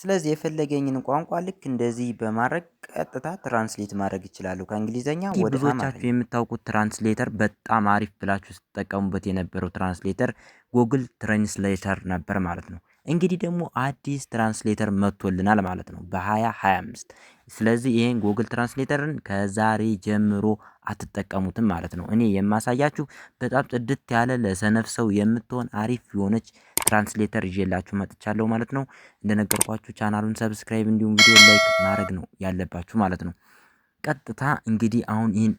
ስለዚህ የፈለገኝን ቋንቋ ልክ እንደዚህ በማድረግ ቀጥታ ትራንስሌት ማድረግ ይችላሉ። ከእንግሊዘኛ ወደ ብዙዎቻችሁ የምታውቁት ትራንስሌተር በጣም አሪፍ ብላችሁ ስትጠቀሙበት የነበረው ትራንስሌተር ጉግል ትራንስሌተር ነበር ማለት ነው። እንግዲህ ደግሞ አዲስ ትራንስሌተር መጥቶልናል ማለት ነው በ2025 ስለዚህ ይሄን ጎግል ትራንስሌተርን ከዛሬ ጀምሮ አትጠቀሙትም ማለት ነው። እኔ የማሳያችሁ በጣም ጽድት ያለ ለሰነፍ ሰው የምትሆን አሪፍ የሆነች ትራንስሌተር ይዤላችሁ መጥቻለሁ ማለት ነው። እንደነገርኳችሁ ቻናሉን ሰብስክራይብ እንዲሁም ቪዲዮ ላይክ ማድረግ ነው ያለባችሁ ማለት ነው። ቀጥታ እንግዲህ አሁን ይህን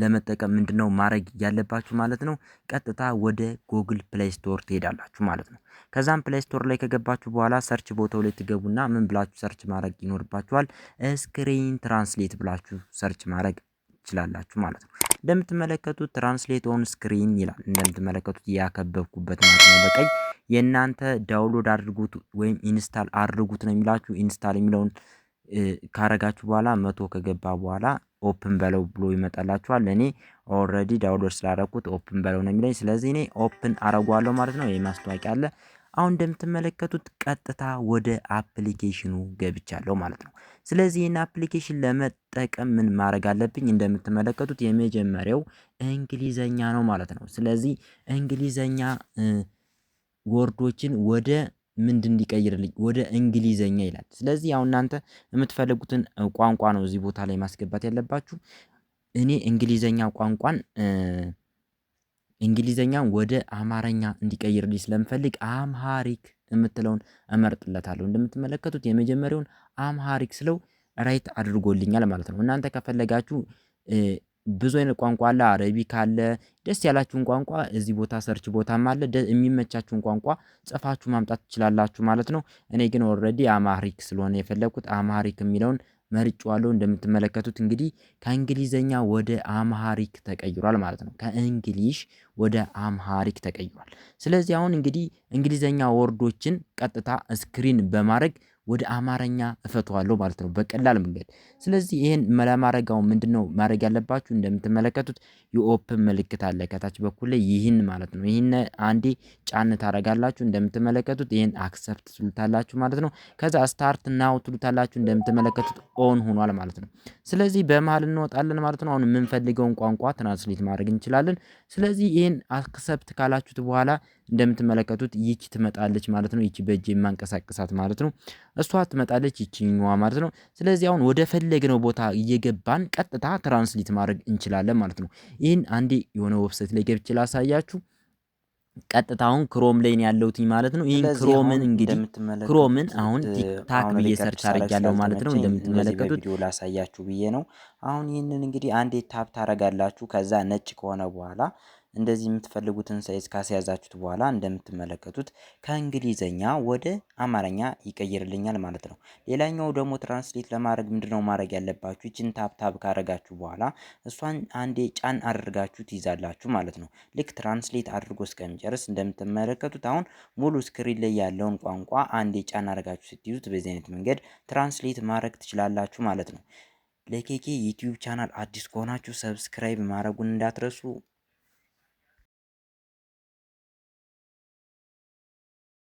ለመጠቀም ምንድነው ማድረግ ያለባችሁ ማለት ነው? ቀጥታ ወደ ጎግል ፕሌይ ስቶር ትሄዳላችሁ ማለት ነው። ከዛም ፕሌይ ስቶር ላይ ከገባችሁ በኋላ ሰርች ቦታው ላይ ትገቡና ምን ብላችሁ ሰርች ማድረግ ይኖርባችኋል ስክሪን ትራንስሌት ብላችሁ ሰርች ማድረግ ትችላላችሁ ማለት ነው። እንደምትመለከቱት ትራንስሌት ኦን ስክሪን ይላል እንደምትመለከቱት ያከበብኩበት ማለት ነው። በቀይ የእናንተ ዳውንሎድ አድርጉት ወይም ኢንስታል አድርጉት ነው የሚላችሁ ኢንስታል የሚለውን ካረጋችሁ በኋላ መቶ ከገባ በኋላ ኦፕን በለው ብሎ ይመጣላችኋል። እኔ ኦልሬዲ ዳውንሎድ ስላረኩት ኦፕን በለው ነው የሚለኝ። ስለዚህ እኔ ኦፕን አረጓለሁ ማለት ነው። ይህ ማስታወቂያ አለ። አሁን እንደምትመለከቱት ቀጥታ ወደ አፕሊኬሽኑ ገብቻለሁ ማለት ነው። ስለዚህ ይህን አፕሊኬሽን ለመጠቀም ምን ማድረግ አለብኝ? እንደምትመለከቱት የመጀመሪያው እንግሊዘኛ ነው ማለት ነው። ስለዚህ እንግሊዘኛ ወርዶችን ወደ ምንድን እንዲቀይርልኝ ወደ እንግሊዘኛ ይላል። ስለዚህ ያው እናንተ የምትፈልጉትን ቋንቋ ነው እዚህ ቦታ ላይ ማስገባት ያለባችሁ። እኔ እንግሊዘኛ ቋንቋን እንግሊዘኛን ወደ አማረኛ እንዲቀይርልኝ ስለምፈልግ አምሃሪክ የምትለውን እመርጥለታለሁ። እንደምትመለከቱት የመጀመሪያውን አምሃሪክ ስለው ራይት አድርጎልኛል ማለት ነው። እናንተ ከፈለጋችሁ ብዙ አይነት ቋንቋ አለ አረቢክ አለ ደስ ያላችሁን ቋንቋ እዚህ ቦታ ሰርች ቦታም አለ የሚመቻችሁን ቋንቋ ጽፋችሁ ማምጣት ትችላላችሁ ማለት ነው። እኔ ግን ኦሬዲ አማሪክ ስለሆነ የፈለኩት አማሪክ የሚለውን መርጬዋለሁ እንደምትመለከቱት እንግዲህ ከእንግሊዘኛ ወደ አምሃሪክ ተቀይሯል ማለት ነው። ከእንግሊሽ ወደ አምሃሪክ ተቀይሯል። ስለዚህ አሁን እንግዲህ እንግሊዘኛ ወርዶችን ቀጥታ ስክሪን በማድረግ ወደ አማርኛ እፈተዋለሁ ማለት ነው በቀላል መንገድ። ስለዚህ ይህን ለማድረግ ምንድነው ማድረግ ያለባችሁ? እንደምትመለከቱት የኦፕን ምልክት አለ ከታች በኩል ላይ ይህን ማለት ነው። ይህን አንዴ ጫን ታደርጋላችሁ እንደምትመለከቱት ይህን አክሰፕት ትሉታላችሁ ማለት ነው። ከዛ ስታርት ናው ትሉታላችሁ እንደምትመለከቱት ኦን ሆኗል ማለት ነው። ስለዚህ በመሀል እንወጣለን ማለት ነው። አሁን የምንፈልገውን ቋንቋ ትራንስሌት ማድረግ እንችላለን። ስለዚህ ይህን አክሰፕት ካላችሁት በኋላ እንደምትመለከቱት ይቺ ትመጣለች ማለት ነው። ይቺ በእጅ የማንቀሳቀሳት ማለት ነው። እሷ ትመጣለች ይችኛዋ ማለት ነው። ስለዚህ አሁን ወደ ፈለግነው ቦታ እየገባን ቀጥታ ትራንስሊት ማድረግ እንችላለን ማለት ነው። ይህን አንዴ የሆነ ወብሰት ላይ ገብቼ ላሳያችሁ። ቀጥታ አሁን ክሮም ላይ ያለሁት ማለት ነው። ይህን ክሮምን እንግዲህ ክሮምን አሁን ቲክታክ ብዬ ሰርች አድርጌያለሁ ማለት ነው። እንደምትመለከቱት ላሳያችሁ ብዬ ነው። አሁን ይህንን እንግዲህ አንዴ ታፕ ታደርጋላችሁ ከዛ ነጭ ከሆነ በኋላ እንደዚህ የምትፈልጉትን ሳይዝ ካስያዛችሁት በኋላ እንደምትመለከቱት ከእንግሊዘኛ ወደ አማርኛ ይቀይርልኛል ማለት ነው። ሌላኛው ደግሞ ትራንስሌት ለማድረግ ምንድነው ማድረግ ያለባችሁ? ይችን ታብታብ ካረጋችሁ በኋላ እሷን አንዴ ጫን አድርጋችሁ ትይዛላችሁ ማለት ነው። ልክ ትራንስሌት አድርጎ እስከሚጨርስ እንደምትመለከቱት አሁን ሙሉ ስክሪን ላይ ያለውን ቋንቋ አንዴ ጫን አድርጋችሁ ስትይዙት በዚህ አይነት መንገድ ትራንስሌት ማድረግ ትችላላችሁ ማለት ነው። ለኬኬ ዩቲዩብ ቻናል አዲስ ከሆናችሁ ሰብስክራይብ ማድረጉን እንዳትረሱ።